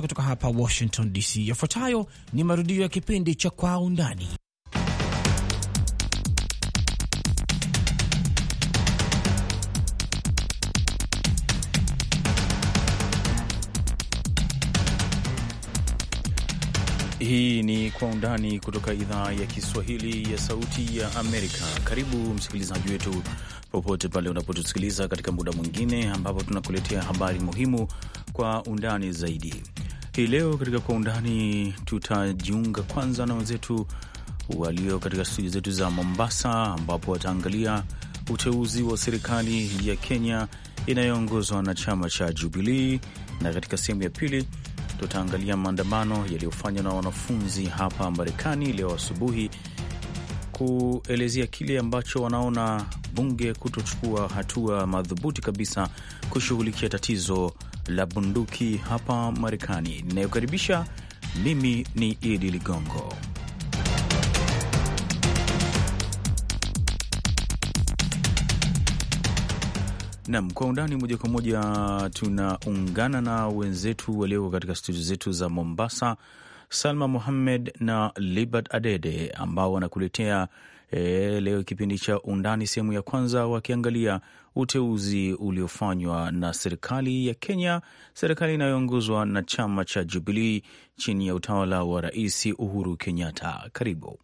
Kutoka hapa Washington DC, yafuatayo ni marudio ya kipindi cha Kwa Undani. Hii ni Kwa Undani kutoka idhaa ya Kiswahili ya Sauti ya Amerika. Karibu msikilizaji wetu popote pale unapotusikiliza katika muda mwingine, ambapo tunakuletea habari muhimu kwa undani zaidi. Hii leo katika Kwa Undani tutajiunga kwanza na wenzetu walio katika studio zetu za Mombasa, ambapo wataangalia uteuzi wa serikali ya Kenya inayoongozwa na chama cha Jubilii, na katika sehemu ya pili tutaangalia maandamano yaliyofanywa na wanafunzi hapa Marekani leo asubuhi kuelezea kile ambacho wanaona bunge kutochukua hatua madhubuti kabisa kushughulikia tatizo la bunduki hapa Marekani. Ninayokaribisha mimi ni Idi Ligongo. Nam kwa undani moja kwa moja tunaungana na wenzetu walioko katika studio zetu za Mombasa, Salma Muhammed na Libert Adede ambao wanakuletea e, leo kipindi cha Undani sehemu ya kwanza, wakiangalia uteuzi uliofanywa na serikali ya Kenya, serikali inayoongozwa na chama cha Jubilii chini ya utawala wa Rais Uhuru Kenyatta. Karibu.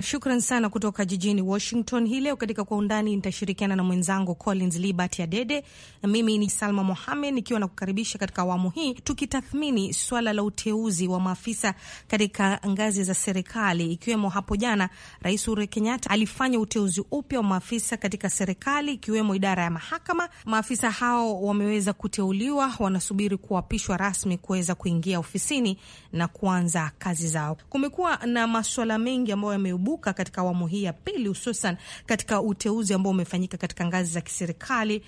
Shukran sana kutoka jijini Washington. Hii leo katika Kwa Undani nitashirikiana na mwenzangu Collins Libert Adede na mimi ni Salma Mohamed nikiwa na kukaribisha katika awamu hii, tukitathmini swala la uteuzi wa maafisa katika ngazi za serikali, ikiwemo hapo jana Rais Uhuru Kenyatta alifanya uteuzi upya wa maafisa katika serikali, ikiwemo idara ya mahakama. Maafisa hao wameweza kuteuliwa, wanasubiri kuapishwa rasmi kuweza kuingia ofisini na kuanza kazi zao. Kumekuwa na maswala mengi ambayo yame kuibuka katika awamu hii ya pili, hususan katika uteuzi ambao umefanyika katika ngazi za kiserikali.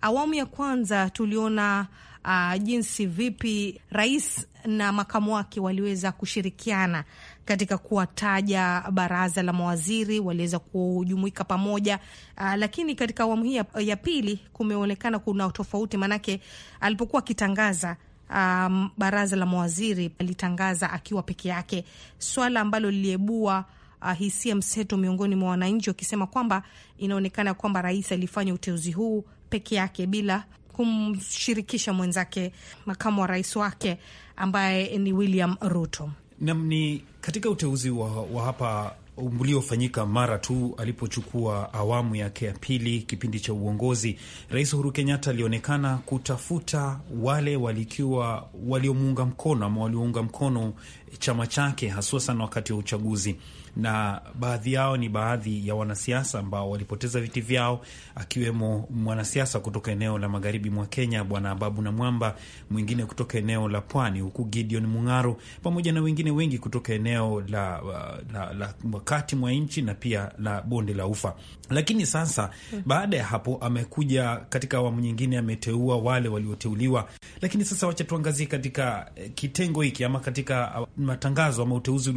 Awamu ya kwanza tuliona uh, jinsi vipi rais na makamu wake waliweza kushirikiana katika kuwataja baraza la mawaziri, waliweza kujumuika pamoja. Uh, lakini katika awamu hii ya pili kumeonekana kuna tofauti, maanake alipokuwa akitangaza um, baraza la mawaziri alitangaza akiwa peke yake, swala ambalo liliebua uh, ah, hisia mseto miongoni mwa wananchi wakisema kwamba inaonekana kwamba rais alifanya uteuzi huu peke yake bila kumshirikisha mwenzake makamu wa rais wake ambaye ni William Ruto. Nam ni katika uteuzi wa, wa hapa uliofanyika mara tu alipochukua awamu yake ya pili kipindi cha uongozi, Rais Uhuru Kenyatta alionekana kutafuta wale walikiwa waliomuunga mkono ama waliounga mkono chama chake haswa sana wakati wa uchaguzi na baadhi yao ni baadhi ya wanasiasa ambao walipoteza viti vyao, akiwemo mwanasiasa kutoka eneo la magharibi mwa Kenya Bwana Babu na Mwamba, mwingine kutoka eneo la Pwani, huku Gideon Mung'aro pamoja na wengine wengi kutoka eneo la, uh, la, la, la kati mwa nchi na pia la bonde la Ufa. Lakini sasa hmm. baada ya hapo amekuja katika awamu nyingine, ameteua wale walioteuliwa. Lakini sasa wacha tuangazie katika eh, kitengo hiki ama katika uh, matangazo ama uteuzi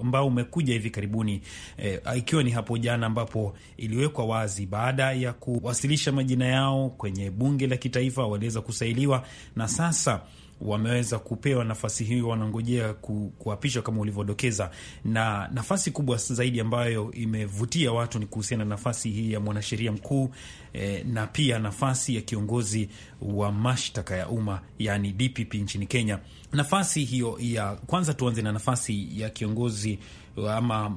ambao umekuja kuja hivi karibuni e, ikiwa ni hapo jana ambapo iliwekwa wazi baada ya kuwasilisha majina yao kwenye bunge la kitaifa, waliweza kusailiwa na sasa wameweza kupewa nafasi hiyo, wanangojea ku, kuapishwa kama ulivyodokeza. Na nafasi kubwa zaidi ambayo imevutia watu ni kuhusiana na nafasi hii ya mwanasheria mkuu eh, na pia nafasi ya kiongozi wa mashtaka ya umma yani DPP nchini Kenya. Nafasi hiyo ya kwanza, tuanze na nafasi ya kiongozi ama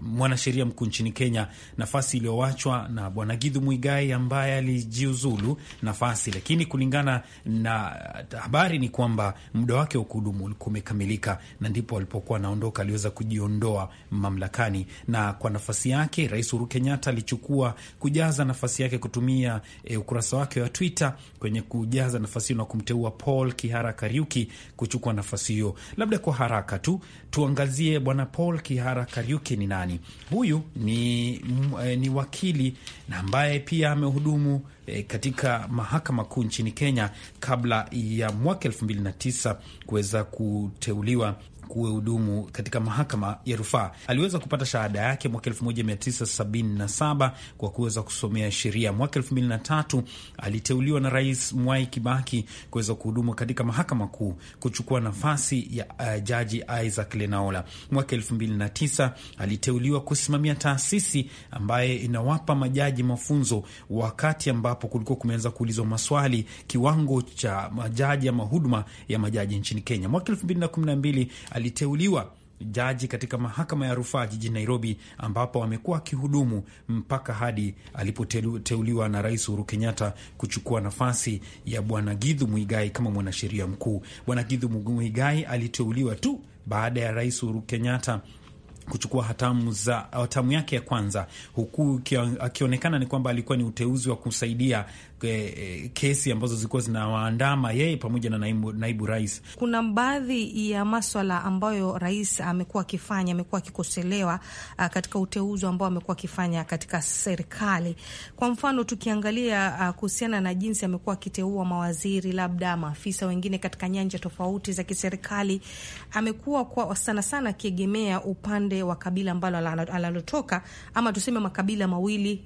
mwanasheria mkuu nchini Kenya, nafasi iliyowachwa na bwana Githu Muigai ambaye alijiuzulu nafasi, lakini kulingana na habari ni kwamba muda wake wa kuhudumu ulikuwa umekamilika, na ndipo alipokuwa anaondoka, aliweza kujiondoa mamlakani, na kwa nafasi yake Rais Uhuru Kenyatta alichukua kujaza nafasi yake kutumia e, ukurasa wake wa Twitter kwenye kujaza nafasi hiyo na kumteua Paul Kihara Kariuki kuchukua nafasi hiyo. Labda kwa haraka tu tuangazie bwana Paul Kihara Kuihara Kariuki ni nani? Huyu ni, mm, eh, ni wakili na ambaye pia amehudumu eh, katika mahakama kuu nchini Kenya kabla ya mwaka elfu mbili na tisa kuweza kuteuliwa kuhudumu katika mahakama ya rufaa. Aliweza kupata shahada yake mwaka elfu moja mia tisa sabini na saba kwa kuweza kusomea sheria. Mwaka elfu mbili na tatu aliteuliwa na Rais Mwai Kibaki kuweza kuhudumu katika mahakama kuu kuchukua nafasi ya uh, Jaji Isaac Lenaola. Mwaka elfu mbili na tisa aliteuliwa kusimamia taasisi ambaye inawapa majaji mafunzo, wakati ambapo kulikuwa kumeanza kuulizwa maswali kiwango cha majaji ama huduma ya majaji nchini Kenya. Mwaka elfu mbili na na kumi mbili aliteuliwa jaji katika mahakama ya rufaa jijini Nairobi, ambapo amekuwa akihudumu mpaka hadi alipoteuliwa na Rais Uhuru Kenyatta kuchukua nafasi ya Bwana Githu Muigai kama mwanasheria mkuu. Bwana Githu Muigai aliteuliwa tu baada ya Rais Uhuru Kenyatta kuchukua hatamu za hatamu yake ya kwanza, huku akionekana ni kwamba alikuwa ni uteuzi wa kusaidia e, kesi ambazo zilikuwa zinawaandama yeye pamoja na naibu, naibu rais. Kuna baadhi ya maswala ambayo rais amekuwa akifanya, amekuwa akikoselewa ah, katika uteuzi ambao amekuwa akifanya katika serikali. Kwa mfano tukiangalia ah, kuhusiana na jinsi amekuwa akiteua mawaziri, labda maafisa wengine katika nyanja tofauti za kiserikali, amekuwa kwa sana sana akiegemea upande wa kabila ambalo alalotoka, ama tuseme makabila mawili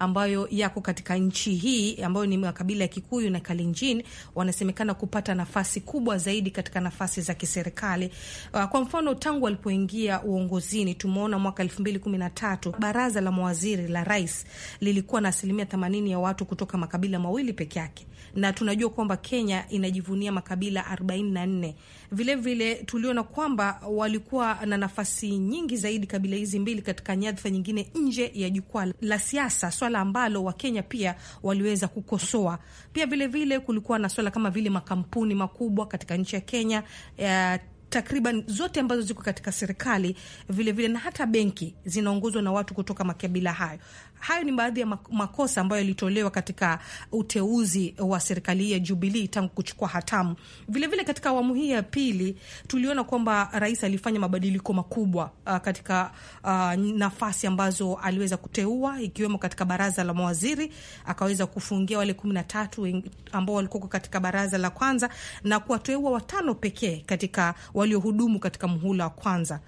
ambayo yako katika nchi hii ambayo ni makabila ya Kikuyu na Kalenjin wanasemekana kupata nafasi kubwa zaidi katika nafasi za kiserikali. Uh, kwa mfano, tangu walipoingia uongozini tumeona mwaka elfu mbili kumi na tatu baraza la mawaziri la rais lilikuwa na asilimia themanini ya watu kutoka makabila mawili peke yake, na tunajua kwamba Kenya inajivunia makabila arobaini na nne. Vilevile tuliona kwamba walikuwa na nafasi nyingi zaidi kabila hizi mbili katika nyadhifa nyingine nje ya jukwaa la siasa swala ambalo Wakenya pia waliweza kukosoa. Pia vilevile kulikuwa na swala kama vile makampuni makubwa katika nchi ya Kenya ya eh, takriban zote ambazo ziko katika serikali vilevile vile, na hata benki zinaongozwa na watu kutoka makabila hayo hayo ni baadhi ya makosa ambayo yalitolewa katika uteuzi wa serikali hii ya Jubilii tangu kuchukua hatamu. Vilevile vile katika awamu hii ya pili tuliona kwamba rais alifanya mabadiliko makubwa uh, katika uh, nafasi ambazo aliweza kuteua ikiwemo katika baraza la mawaziri akaweza kufungia wale kumi na tatu ambao walikuwa katika baraza la kwanza na kuwateua watano pekee katika waliohudumu katika muhula wa kwanza.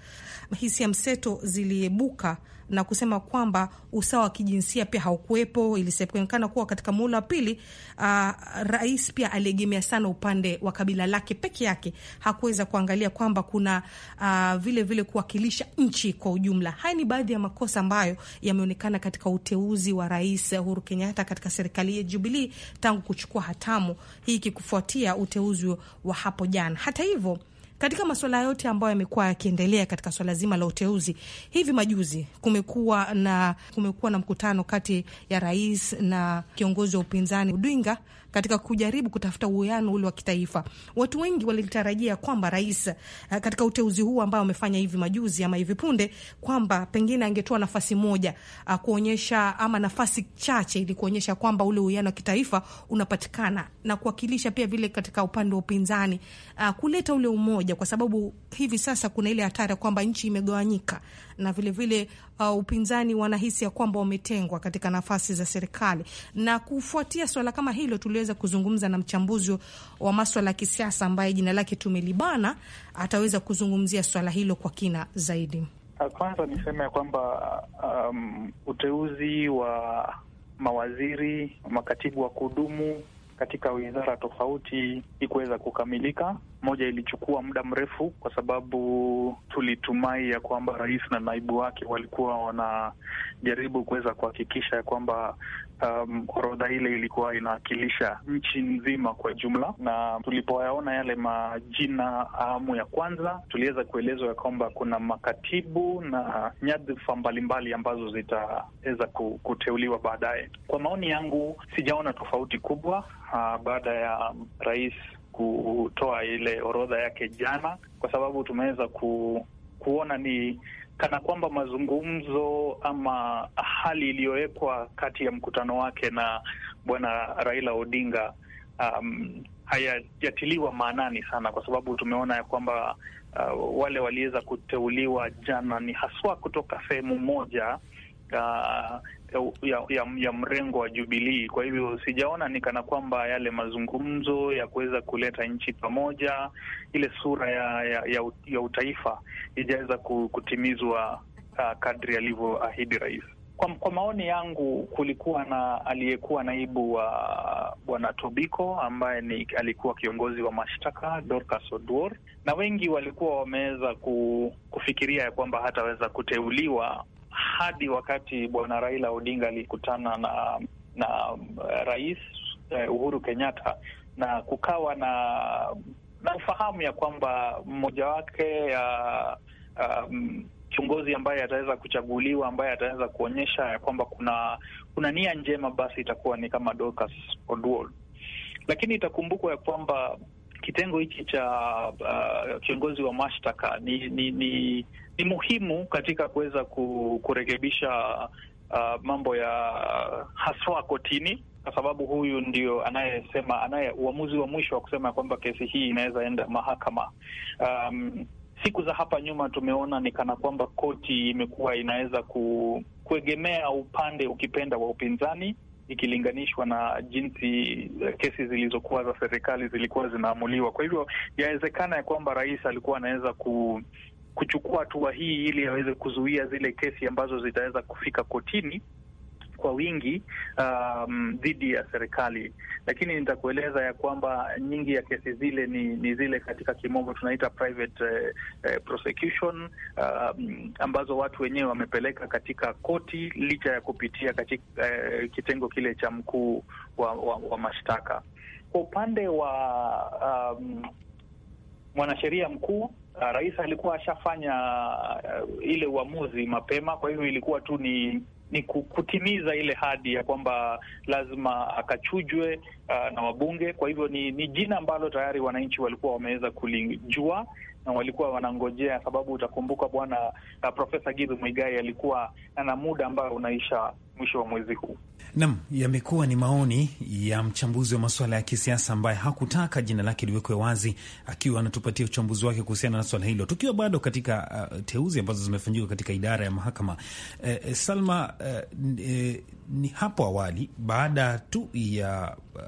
Hisia mseto ziliebuka na kusema kwamba usawa wa kijinsia pia haukuwepo. Ilisemekana kuwa katika muhula wa pili, uh, rais pia aliegemea sana upande wa kabila lake peke yake, hakuweza kuangalia kwamba kuna uh, vile vile kuwakilisha nchi kwa ujumla. Haya ni baadhi ya makosa ambayo yameonekana katika uteuzi wa Rais Uhuru Kenyatta katika serikali ya Jubilee tangu kuchukua hatamu hii, kikufuatia uteuzi wa hapo jana. Hata hivyo katika masuala yote ambayo yamekuwa yakiendelea katika swala zima la uteuzi. Hivi majuzi kumekuwa na kumekuwa na mkutano kati ya rais na kiongozi wa upinzani Odinga katika kujaribu kutafuta uwiano ule wa kitaifa. Watu wengi walitarajia kwamba rais eh, katika uteuzi huu ambao amefanya hivi majuzi ama hivi punde, kwamba pengine angetoa nafasi moja eh, kuonyesha ama nafasi chache, ili kuonyesha kwamba ule uwiano wa kitaifa unapatikana na kuwakilisha pia vile katika upande wa upinzani, eh, kuleta ule umoja, kwa sababu hivi sasa kuna ile hatari kwamba nchi imegawanyika na vilevile vile, uh, upinzani wanahisi ya kwamba wametengwa katika nafasi za serikali. Na kufuatia swala kama hilo, tuliweza kuzungumza na mchambuzi wa maswala ya kisiasa ambaye jina lake tumelibana, ataweza kuzungumzia swala hilo kwa kina zaidi. Uh, kwanza niseme ya kwamba um, uteuzi wa mawaziri, makatibu wa kudumu katika wizara tofauti ikuweza kukamilika moja ilichukua muda mrefu kwa sababu tulitumai ya kwamba rais na naibu wake walikuwa wanajaribu kuweza kuhakikisha ya kwamba um, orodha ile ilikuwa inawakilisha nchi nzima kwa jumla, na tulipoyaona yale majina awamu ya kwanza, tuliweza kuelezwa ya kwamba kuna makatibu na nyadhifa mbalimbali ambazo zitaweza kuteuliwa baadaye. Kwa maoni yangu, sijaona tofauti kubwa uh, baada ya rais kutoa ile orodha yake jana, kwa sababu tumeweza ku, kuona ni kana kwamba mazungumzo ama hali iliyowekwa kati ya mkutano wake na bwana Raila Odinga um, hayajatiliwa maanani sana, kwa sababu tumeona ya kwamba uh, wale waliweza kuteuliwa jana ni haswa kutoka sehemu moja ya ya, ya, ya mrengo wa Jubilii. Kwa hivyo sijaona ni kana kwamba yale mazungumzo ya kuweza kuleta nchi pamoja, ile sura ya, ya, ya, ya utaifa ijaweza kutimizwa uh, kadri alivyoahidi rais. Kwa, kwa maoni yangu kulikuwa na aliyekuwa naibu wa bwana Tobiko ambaye ni alikuwa kiongozi wa mashtaka Dorcas Oduor, na wengi walikuwa wameweza kufikiria ya kwamba hataweza kuteuliwa hadi wakati bwana Raila Odinga alikutana na na eh, rais eh, Uhuru Kenyatta, na kukawa na na ufahamu ya kwamba mmoja wake ya um, kiongozi ambaye ataweza kuchaguliwa ambaye ataweza kuonyesha ya kwamba kuna kuna nia njema, basi itakuwa ni kama Dorcas Oduor. Lakini itakumbukwa ya kwamba kitengo hiki cha uh, kiongozi wa mashtaka ni, ni, ni ni muhimu katika kuweza kurekebisha uh, mambo ya haswa kotini, kwa sababu huyu ndio anayesema, anaye uamuzi wa mwisho wa kusema kwamba kesi hii inaweza enda mahakama. Um, siku za hapa nyuma tumeona ni kana kwamba koti imekuwa inaweza ku, kuegemea upande ukipenda wa upinzani ikilinganishwa na jinsi uh, kesi zilizokuwa za serikali zilikuwa zinaamuliwa. Kwa hivyo yawezekana ya kwamba rais alikuwa anaweza ku kuchukua hatua hii ili aweze kuzuia zile kesi ambazo zitaweza kufika kotini kwa wingi um, dhidi ya serikali, lakini nitakueleza ya kwamba nyingi ya kesi zile ni, ni zile katika kimombo tunaita private uh, prosecution um, ambazo watu wenyewe wamepeleka katika koti licha ya kupitia katika uh, kitengo kile cha mkuu wa, wa, wa mashtaka. Kwa upande wa um, mwanasheria mkuu Uh, rais alikuwa ashafanya uh, ile uamuzi mapema, kwa hivyo ilikuwa tu ni ni kutimiza ile hadi ya kwamba lazima akachujwe uh, na wabunge. Kwa hivyo ni, ni jina ambalo tayari wananchi walikuwa wameweza kulijua na walikuwa wanangojea, sababu utakumbuka bwana uh, Profesa Githu Muigai alikuwa ana muda ambayo unaisha mwisho wa mwezi huu. Nam, yamekuwa ni maoni ya mchambuzi wa masuala ya kisiasa ambaye hakutaka jina lake liwekwe wazi, akiwa anatupatia uchambuzi wake kuhusiana na swala hilo. Tukiwa bado katika uh, teuzi ambazo zimefanyika katika idara ya mahakama eh, eh, Salma eh, eh, ni hapo awali baada tu ya uh,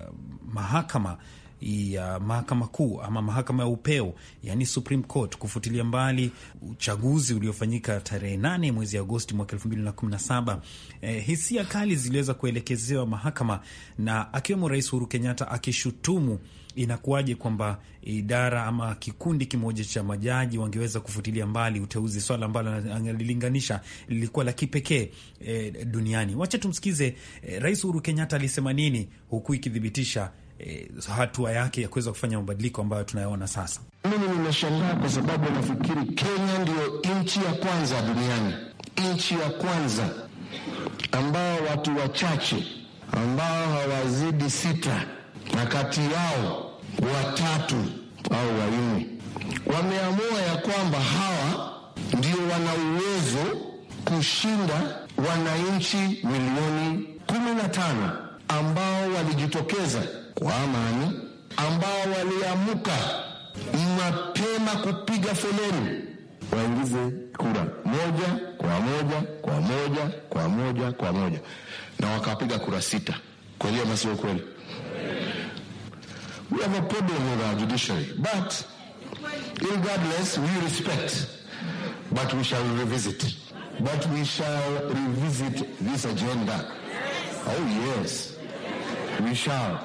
mahakama ya mahakama kuu ama mahakama ya upeo, yani Supreme Court, kufutilia mbali uchaguzi uliofanyika tarehe nane mwezi Agosti mwaka elfu mbili na na kumi saba. Eh, hisia kali ziliweza kuelekezewa mahakama na akiwemo Rais Uhuru Kenyatta akishutumu inakuwaje kwamba idara ama kikundi kimoja cha majaji wangeweza kufutilia mbali uteuzi, swala ambalo analilinganisha lilikuwa la kipekee eh, duniani. Wacha tumsikize eh, Rais Uhuru Kenyatta alisema nini, huku ikithibitisha eh, hatua yake ya kuweza kufanya mabadiliko ambayo tunayaona sasa. Mimi nimeshangaa kwa sababu nafikiri Kenya ndiyo nchi ya kwanza duniani, nchi ya kwanza ambao watu wachache ambao hawazidi sita na kati yao watatu au wanne wameamua ya kwamba hawa ndio wana uwezo kushinda wananchi milioni kumi na tano ambao walijitokeza wa amani ambao waliamka mapema kupiga foleni waingize kura moja kwa moja kwa moja kwa moja kwa moja, na wakapiga kura sita. Kweli ama sio kweli? We have a problem with our judiciary but regardless we respect but we shall revisit but we shall revisit this agenda. Oh yes we shall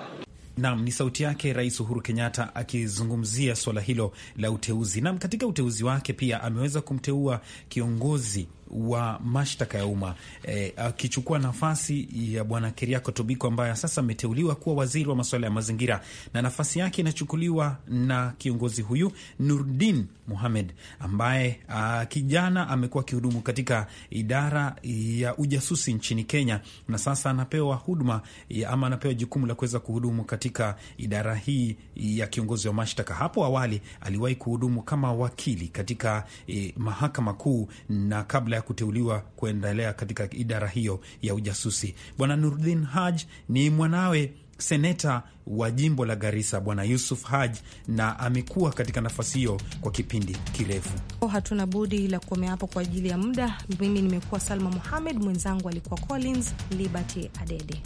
Nam ni sauti yake Rais Uhuru Kenyatta akizungumzia suala hilo la uteuzi. Nam katika uteuzi wake pia ameweza kumteua kiongozi wa mashtaka ya umma e, akichukua nafasi ya bwana Keriako Tobiko ambaye sasa ameteuliwa kuwa waziri wa masuala ya mazingira, na nafasi yake inachukuliwa na kiongozi huyu Nurdin Muhamed ambaye a, kijana amekuwa akihudumu katika idara ya ujasusi nchini Kenya, na sasa anapewa huduma ya ama anapewa jukumu la kuweza kuhudumu katika idara hii ya kiongozi wa mashtaka. Hapo awali aliwahi kuhudumu kama wakili katika e, mahakama kuu na kabla ya kuteuliwa kuendelea katika idara hiyo ya ujasusi. Bwana Nurdin Haj ni mwanawe seneta wa jimbo la Garissa Bwana Yusuf Haj, na amekuwa katika nafasi hiyo kwa kipindi kirefu. Oh, hatuna budi la kukomea hapo kwa ajili ya muda. Mimi nimekuwa Salma Muhamed, mwenzangu alikuwa Collins Liberty Adede.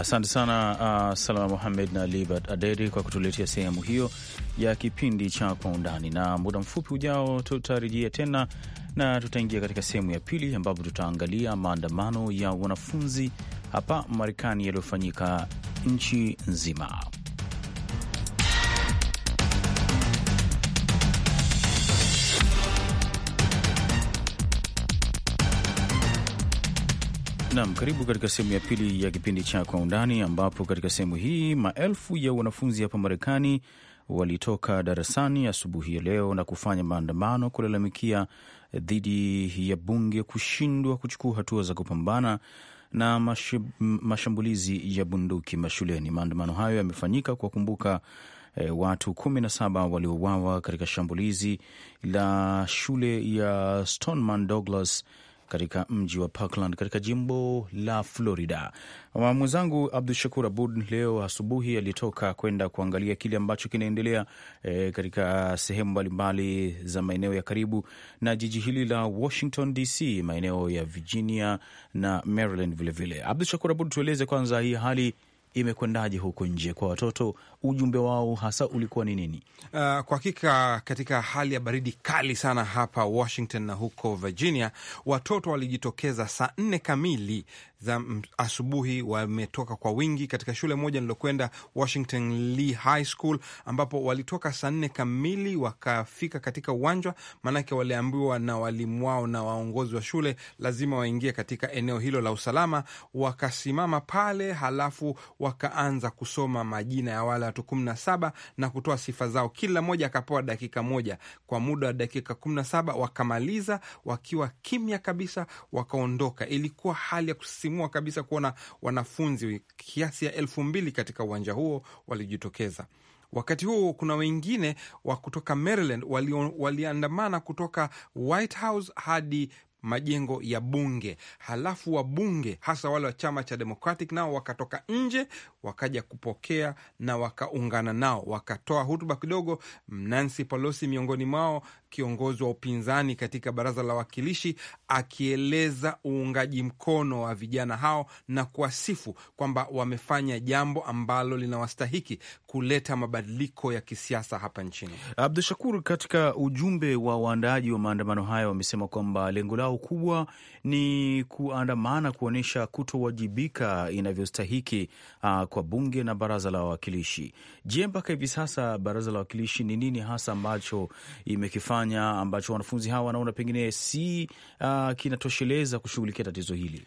Asante sana uh, Salma Muhamed na Libert Aderi kwa kutuletea sehemu hiyo ya kipindi cha Kwa Undani, na muda mfupi ujao tutarejia tena na tutaingia katika sehemu ya pili ambapo tutaangalia maandamano ya wanafunzi hapa Marekani yaliyofanyika nchi nzima. Nam, karibu katika sehemu ya pili ya kipindi cha Kwa Undani, ambapo katika sehemu hii maelfu ya wanafunzi hapa Marekani walitoka darasani asubuhi ya leo na kufanya maandamano kulalamikia dhidi ya bunge kushindwa kuchukua hatua za kupambana na mashambulizi ya bunduki mashuleni. Maandamano hayo yamefanyika kuwakumbuka e, watu kumi na saba waliouawa katika shambulizi la shule ya Stoneman Douglas katika mji wa Parkland katika jimbo la Florida. Mwenzangu Abdu Shakur Abud leo asubuhi alitoka kwenda kuangalia kile ambacho kinaendelea e, katika sehemu mbalimbali za maeneo ya karibu na jiji hili la Washington DC, maeneo ya Virginia na Maryland vilevile. Abdu Shakur Abud, tueleze kwanza hii hali imekwendaje huko nje kwa watoto, ujumbe wao hasa ulikuwa ni nini? Uh, kwa hakika katika hali ya baridi kali sana hapa Washington na huko Virginia, watoto walijitokeza saa nne kamili za asubuhi wametoka kwa wingi katika shule moja nilokwenda Washington Lee High School, ambapo walitoka saa nne kamili wakafika katika uwanjwa maanake waliambiwa na walimu wao na waongozi wa shule lazima waingie katika eneo hilo la usalama. Wakasimama pale, halafu wakaanza kusoma majina ya wale watu kumi na saba na kutoa sifa zao. Kila mmoja akapewa dakika moja, kwa muda wa dakika kumi na saba wakamaliza wakiwa kimya kabisa, wakaondoka. Ilikuwa hali ya kusisimua walitimua kabisa kuona wanafunzi kiasi ya elfu mbili katika uwanja huo walijitokeza. Wakati huo kuna wengine wa kutoka Maryland waliandamana wali kutoka White House hadi majengo ya bunge. Halafu wabunge hasa wale wa chama cha Democratic nao wakatoka nje wakaja kupokea na wakaungana nao, wakatoa hutuba kidogo. Nancy Pelosi miongoni mwao kiongozi wa upinzani katika baraza la wawakilishi akieleza uungaji mkono wa vijana hao na kuwasifu kwamba wamefanya jambo ambalo linawastahiki kuleta mabadiliko ya kisiasa hapa nchini. Abdu Shakur, katika ujumbe wa waandaaji wa maandamano hayo wamesema kwamba lengo lao kubwa ni kuandamana kuonyesha kutowajibika inavyostahiki uh, kwa bunge na baraza la wawakilishi. Je, mpaka hivi sasa baraza la wawakilishi ni nini hasa ambacho imekifanya kufanya ambacho wanafunzi hawa wanaona pengine si uh, kinatosheleza kushughulikia tatizo hili?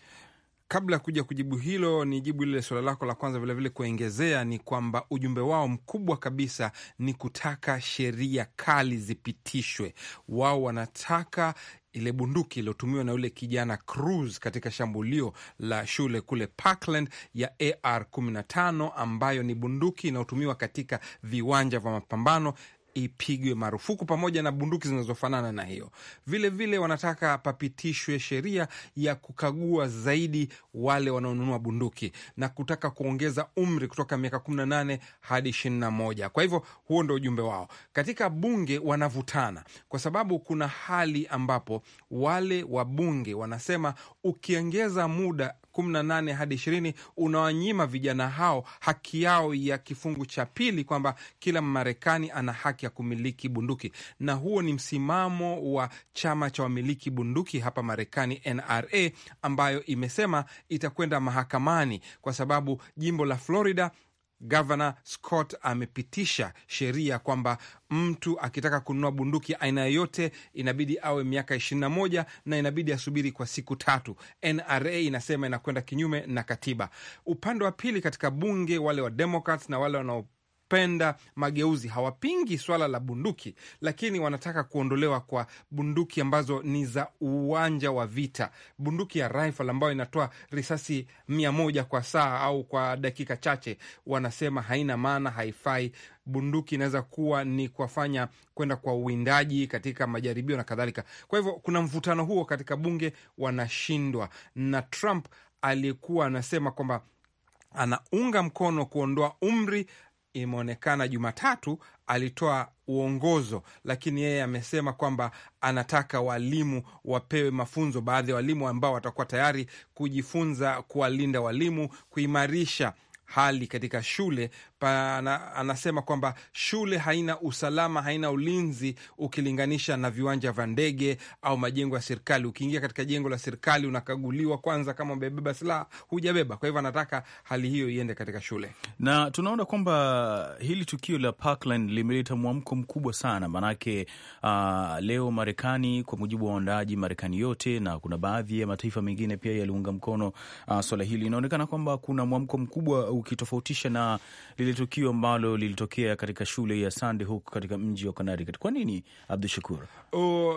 Kabla ya kuja kujibu hilo, ni jibu lile suala lako la kwanza, vilevile kuongezea ni kwamba ujumbe wao mkubwa kabisa ni kutaka sheria kali zipitishwe. Wao wanataka ile bunduki iliyotumiwa na yule kijana Cruz katika shambulio la shule kule Parkland ya AR 15 ambayo ni bunduki inayotumiwa katika viwanja vya mapambano ipigwe marufuku pamoja na bunduki zinazofanana na hiyo. Vilevile vile wanataka papitishwe sheria ya kukagua zaidi wale wanaonunua bunduki na kutaka kuongeza umri kutoka miaka 18 hadi 21. Kwa hivyo huo ndio ujumbe wao. Katika bunge wanavutana kwa sababu kuna hali ambapo wale wabunge wanasema ukiongeza muda 18 hadi 20 unawanyima vijana hao haki yao ya kifungu cha pili, kwamba kila marekani ana haki ya kumiliki bunduki, na huo ni msimamo wa chama cha wamiliki bunduki hapa Marekani, NRA, ambayo imesema itakwenda mahakamani kwa sababu jimbo la Florida Gavana Scott amepitisha sheria kwamba mtu akitaka kununua bunduki aina yoyote inabidi awe miaka ishirini na moja na inabidi asubiri kwa siku tatu. NRA inasema inakwenda kinyume na katiba. Upande wa pili katika bunge, wale wa Democrats na wale wanao penda mageuzi, hawapingi swala la bunduki, lakini wanataka kuondolewa kwa bunduki ambazo ni za uwanja wa vita, bunduki ya rifle ambayo inatoa risasi mia moja kwa saa au kwa dakika chache. Wanasema haina maana, haifai. Bunduki inaweza kuwa ni kuwafanya kwenda kwa uwindaji katika majaribio na kadhalika. Kwa hivyo kuna mvutano huo katika bunge, wanashindwa na Trump aliyekuwa anasema kwamba anaunga mkono kuondoa umri imeonekana Jumatatu alitoa uongozo, lakini yeye amesema kwamba anataka walimu wapewe mafunzo, baadhi ya walimu ambao watakuwa tayari kujifunza kuwalinda walimu, kuimarisha hali katika shule na, anasema kwamba shule haina usalama, haina ulinzi ukilinganisha na viwanja vya ndege au majengo ya serikali. Ukiingia katika jengo la serikali unakaguliwa kwanza kama umebeba silaha, hujabeba. Kwa hivyo anataka hali hiyo iende katika shule, na tunaona kwamba hili tukio la Parkland limeleta mwamko mkubwa sana, maanake uh, ah, leo Marekani, kwa mujibu wa waandaaji, Marekani yote na kuna baadhi ya mataifa mengine pia yaliunga mkono uh, swala hili. Inaonekana kwamba kuna mwamko mkubwa ukitofautisha na lile tukio ambalo lilitokea katika shule ya Sandy Hook katika mji wa Connecticut. Kwa nini, Abdu Shakur?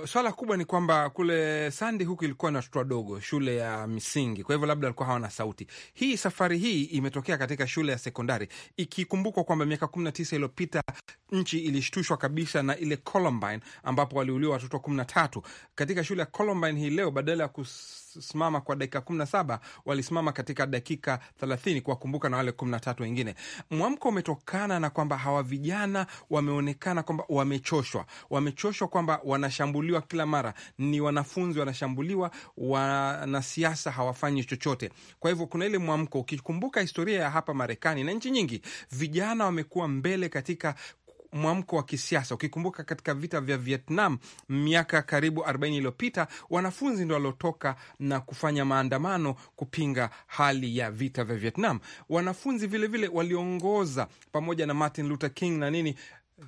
Swala kubwa ni kwamba kule Sandy Hook ilikuwa na watoto wadogo, shule ya misingi, kwa hivyo labda walikuwa hawana sauti. Hii safari hii imetokea katika shule ya sekondari, ikikumbukwa kwamba miaka tisa iliyopita nchi ilishtushwa kabisa na ile Columbine ambapo waliuliwa watoto tatu katika shule ya Columbine. Hii leo badala ya kus walisimama kwa dakika kumi na saba walisimama katika dakika thelathini kuwakumbuka na wale kumi na tatu wengine. Mwamko umetokana na kwamba hawa vijana wameonekana kwamba wamechoshwa, wamechoshwa kwamba wanashambuliwa kila mara, ni wanafunzi wanashambuliwa, wanasiasa hawafanyi chochote. Kwa hivyo kuna ile mwamko, ukikumbuka historia ya hapa Marekani na nchi nyingi, vijana wamekuwa mbele katika mwamko wa kisiasa. Ukikumbuka katika vita vya Vietnam miaka karibu 40 iliyopita, wanafunzi ndo waliotoka na kufanya maandamano kupinga hali ya vita vya Vietnam. Wanafunzi vilevile waliongoza pamoja na Martin Luther King na nini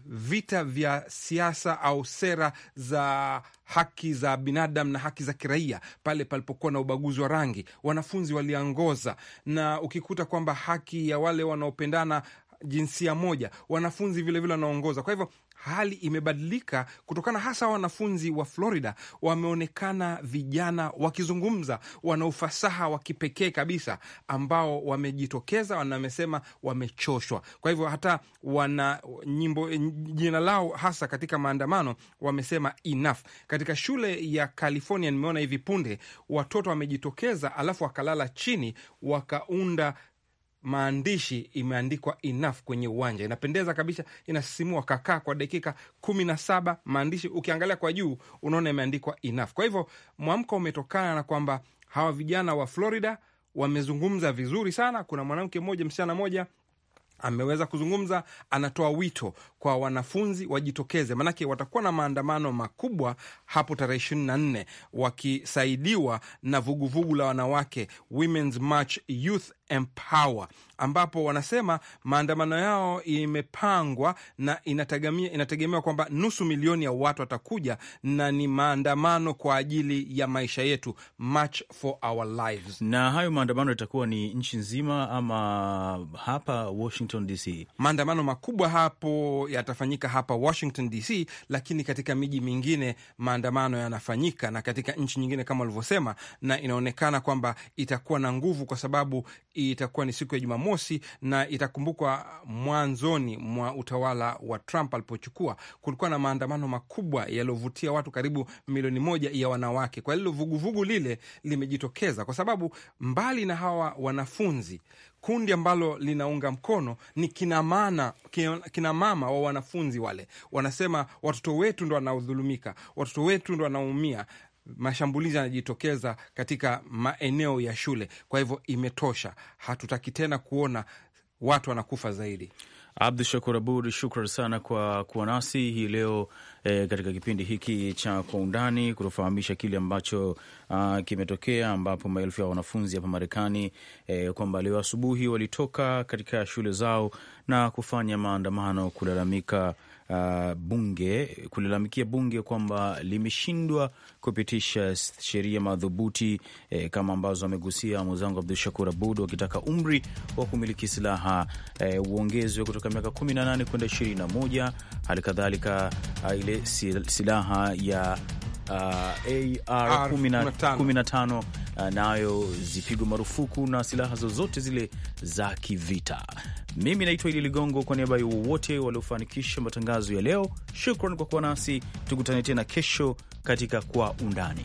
vita vya siasa au sera za haki za binadamu na haki za kiraia, pale palipokuwa na ubaguzi wa rangi, wanafunzi waliongoza. Na ukikuta kwamba haki ya wale wanaopendana jinsia moja, wanafunzi vilevile wanaongoza. Kwa hivyo hali imebadilika kutokana hasa, wanafunzi wa Florida wameonekana vijana wakizungumza, wana ufasaha wa kipekee kabisa ambao wamejitokeza na wamesema wamechoshwa. Kwa hivyo hata wana nyimbo jina lao hasa katika maandamano wamesema enough. Katika shule ya California nimeona hivi punde watoto wamejitokeza, alafu wakalala chini wakaunda maandishi imeandikwa enough kwenye uwanja, inapendeza kabisa, inasisimua. Kakaa kwa dakika kumi na saba, maandishi ukiangalia kwa juu unaona imeandikwa enough. Kwa hivyo mwamko umetokana na kwamba hawa vijana wa Florida wamezungumza vizuri sana. Kuna mwanamke mmoja, msichana mmoja ameweza kuzungumza, anatoa wito kwa wanafunzi wajitokeze, maanake watakuwa na maandamano makubwa hapo tarehe ishirini na nne wakisaidiwa na vuguvugu la wanawake Women's March Youth Empower, ambapo wanasema maandamano yao imepangwa na inategemea inategemea kwamba nusu milioni ya watu watakuja, na ni maandamano kwa ajili ya maisha yetu, March for our lives. Na hayo maandamano yatakuwa ni nchi nzima ama hapa Washington DC? Maandamano makubwa hapo yatafanyika hapa Washington DC, lakini katika miji mingine maandamano yanafanyika na katika nchi nyingine kama ulivyosema, na inaonekana kwamba itakuwa na nguvu kwa sababu itakuwa ni siku ya Jumamosi na itakumbukwa mwanzoni mwa utawala wa Trump alipochukua, kulikuwa na maandamano makubwa yaliyovutia watu karibu milioni moja ya wanawake. Kwa hilo vuguvugu lile limejitokeza kwa sababu mbali na hawa wanafunzi kundi ambalo linaunga mkono ni kinamana, kinamama wa wanafunzi wale wanasema, watoto wetu ndo wanaodhulumika, watoto wetu ndo wanaumia, mashambulizi yanajitokeza katika maeneo ya shule. Kwa hivyo imetosha, hatutaki tena kuona watu wanakufa zaidi. Abdu Shakur Abud, shukran sana kwa kuwa nasi hii leo e, katika kipindi hiki cha Kwa Undani kutufahamisha kile ambacho a, ah, kimetokea ambapo maelfu ya wanafunzi hapa Marekani e, kwamba leo asubuhi walitoka katika shule zao na kufanya maandamano kulalamika uh, bunge kulalamikia bunge kwamba limeshindwa kupitisha sheria madhubuti eh, kama ambazo amegusia mwenzangu Abdul Shakur Abud wakitaka umri wa kumiliki silaha eh, uongezwe kutoka miaka 18 kwenda 21, hali kadhalika uh, ile silaha ya uh, AR 15 nayo zipigwe marufuku na silaha zozote zile za kivita. Mimi naitwa Idi Ligongo, kwa niaba ya wote waliofanikisha matangazo ya leo, shukran kwa kuwa nasi. Tukutane tena kesho katika Kwa Undani.